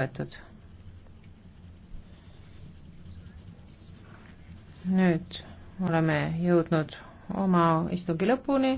võetud. nüüd oleme jõudnud oma istungi lõpuni